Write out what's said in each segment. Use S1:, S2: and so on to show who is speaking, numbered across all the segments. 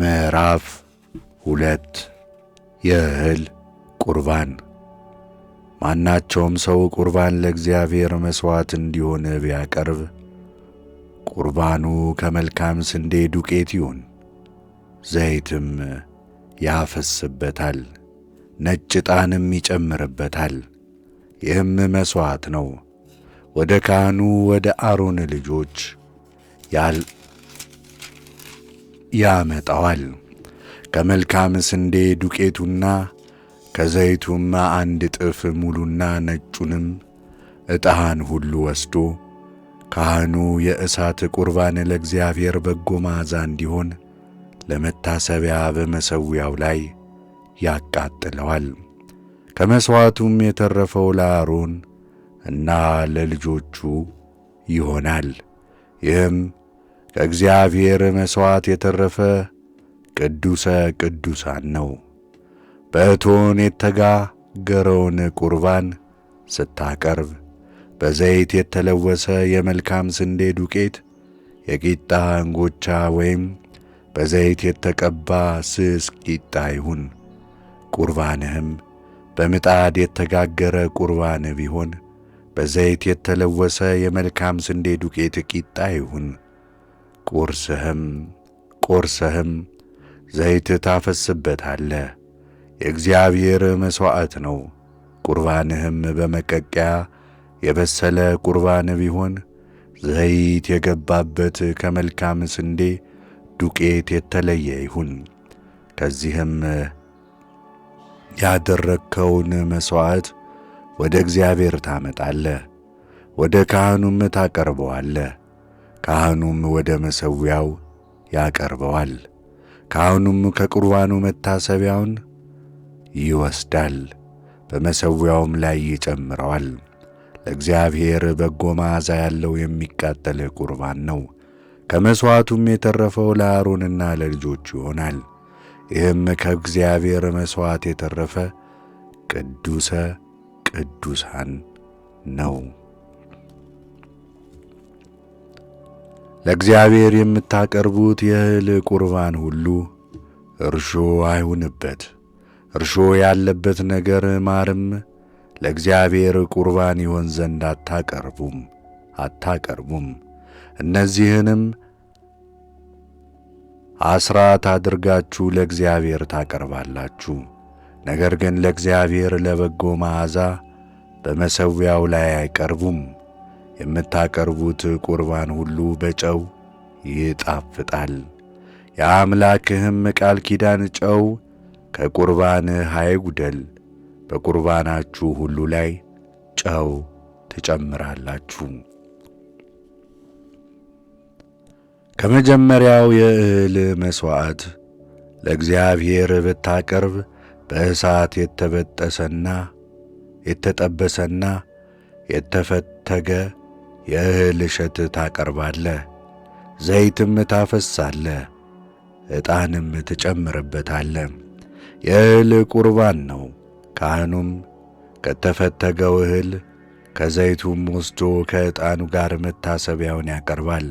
S1: ምዕራፍ ሁለት የእህል ቁርባን። ማናቸውም ሰው ቁርባን ለእግዚአብሔር መሥዋዕት እንዲሆን ቢያቀርብ ቁርባኑ ከመልካም ስንዴ ዱቄት ይሁን፣ ዘይትም ያፈስበታል፣ ነጭ ዕጣንም ይጨምርበታል። ይህም መሥዋዕት ነው ወደ ካህኑ ወደ አሮን ልጆች ያመጣዋል። ከመልካም ስንዴ ዱቄቱና ከዘይቱማ አንድ እጥፍ ሙሉና ነጩንም ዕጣን ሁሉ ወስዶ ካህኑ የእሳት ቁርባን ለእግዚአብሔር በጎ መዓዛ እንዲሆን ለመታሰቢያ በመሠዊያው ላይ ያቃጥለዋል። ከመሥዋዕቱም የተረፈው ለአሮን እና ለልጆቹ ይሆናል። ይህም ከእግዚአብሔር መሥዋዕት የተረፈ ቅዱሰ ቅዱሳን ነው። በእቶን የተጋገረውን ቁርባን ስታቀርብ በዘይት የተለወሰ የመልካም ስንዴ ዱቄት፣ የቂጣ እንጎቻ ወይም በዘይት የተቀባ ስስ ቂጣ ይሁን። ቁርባንህም በምጣድ የተጋገረ ቁርባን ቢሆን በዘይት የተለወሰ የመልካም ስንዴ ዱቄት ቂጣ ይሁን። ቁርስህም ቁርስህም ዘይት አለ የእግዚአብሔር መሥዋዕት ነው። ቁርባንህም በመቀቂያ የበሰለ ቁርባን ቢሆን ዘይት የገባበት ከመልካም ስንዴ ዱቄት የተለየ ይሁን። ከዚህም ያደረግከውን መሥዋዕት ወደ እግዚአብሔር ታመጣለህ፣ ወደ ካህኑም ታቀርበዋለህ። ካህኑም ወደ መሠዊያው ያቀርበዋል። ካህኑም ከቁርባኑ መታሰቢያውን ይወስዳል፣ በመሠዊያውም ላይ ይጨምረዋል። ለእግዚአብሔር በጎ መዓዛ ያለው የሚቃጠል ቁርባን ነው። ከመሥዋዕቱም የተረፈው ለአሮንና ለልጆቹ ይሆናል። ይህም ከእግዚአብሔር መሥዋዕት የተረፈ ቅዱሰ ቅዱሳን ነው። ለእግዚአብሔር የምታቀርቡት የእህል ቁርባን ሁሉ እርሾ አይሁንበት። እርሾ ያለበት ነገር ማርም ለእግዚአብሔር ቁርባን ይሆን ዘንድ አታቀርቡም አታቀርቡም። እነዚህንም አስራት አድርጋችሁ ለእግዚአብሔር ታቀርባላችሁ። ነገር ግን ለእግዚአብሔር ለበጎ መዓዛ በመሠዊያው ላይ አይቀርቡም። የምታቀርቡት ቁርባን ሁሉ በጨው ይጣፍጣል። የአምላክህም ቃል ኪዳን ጨው ከቁርባን አይጉደል። በቁርባናችሁ ሁሉ ላይ ጨው ትጨምራላችሁ። ከመጀመሪያው የእህል መሥዋዕት ለእግዚአብሔር ብታቀርብ በእሳት የተበጠሰና የተጠበሰና የተፈተገ የእህል እሸት ታቀርባለ፣ ዘይትም ታፈሳለ፣ ዕጣንም ትጨምርበታለ። የእህል ቁርባን ነው። ካህኑም ከተፈተገው እህል ከዘይቱም ወስዶ ከዕጣኑ ጋር መታሰቢያውን ያቀርባል።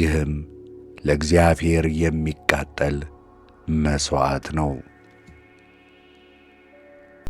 S1: ይህም ለእግዚአብሔር የሚቃጠል መሥዋዕት ነው።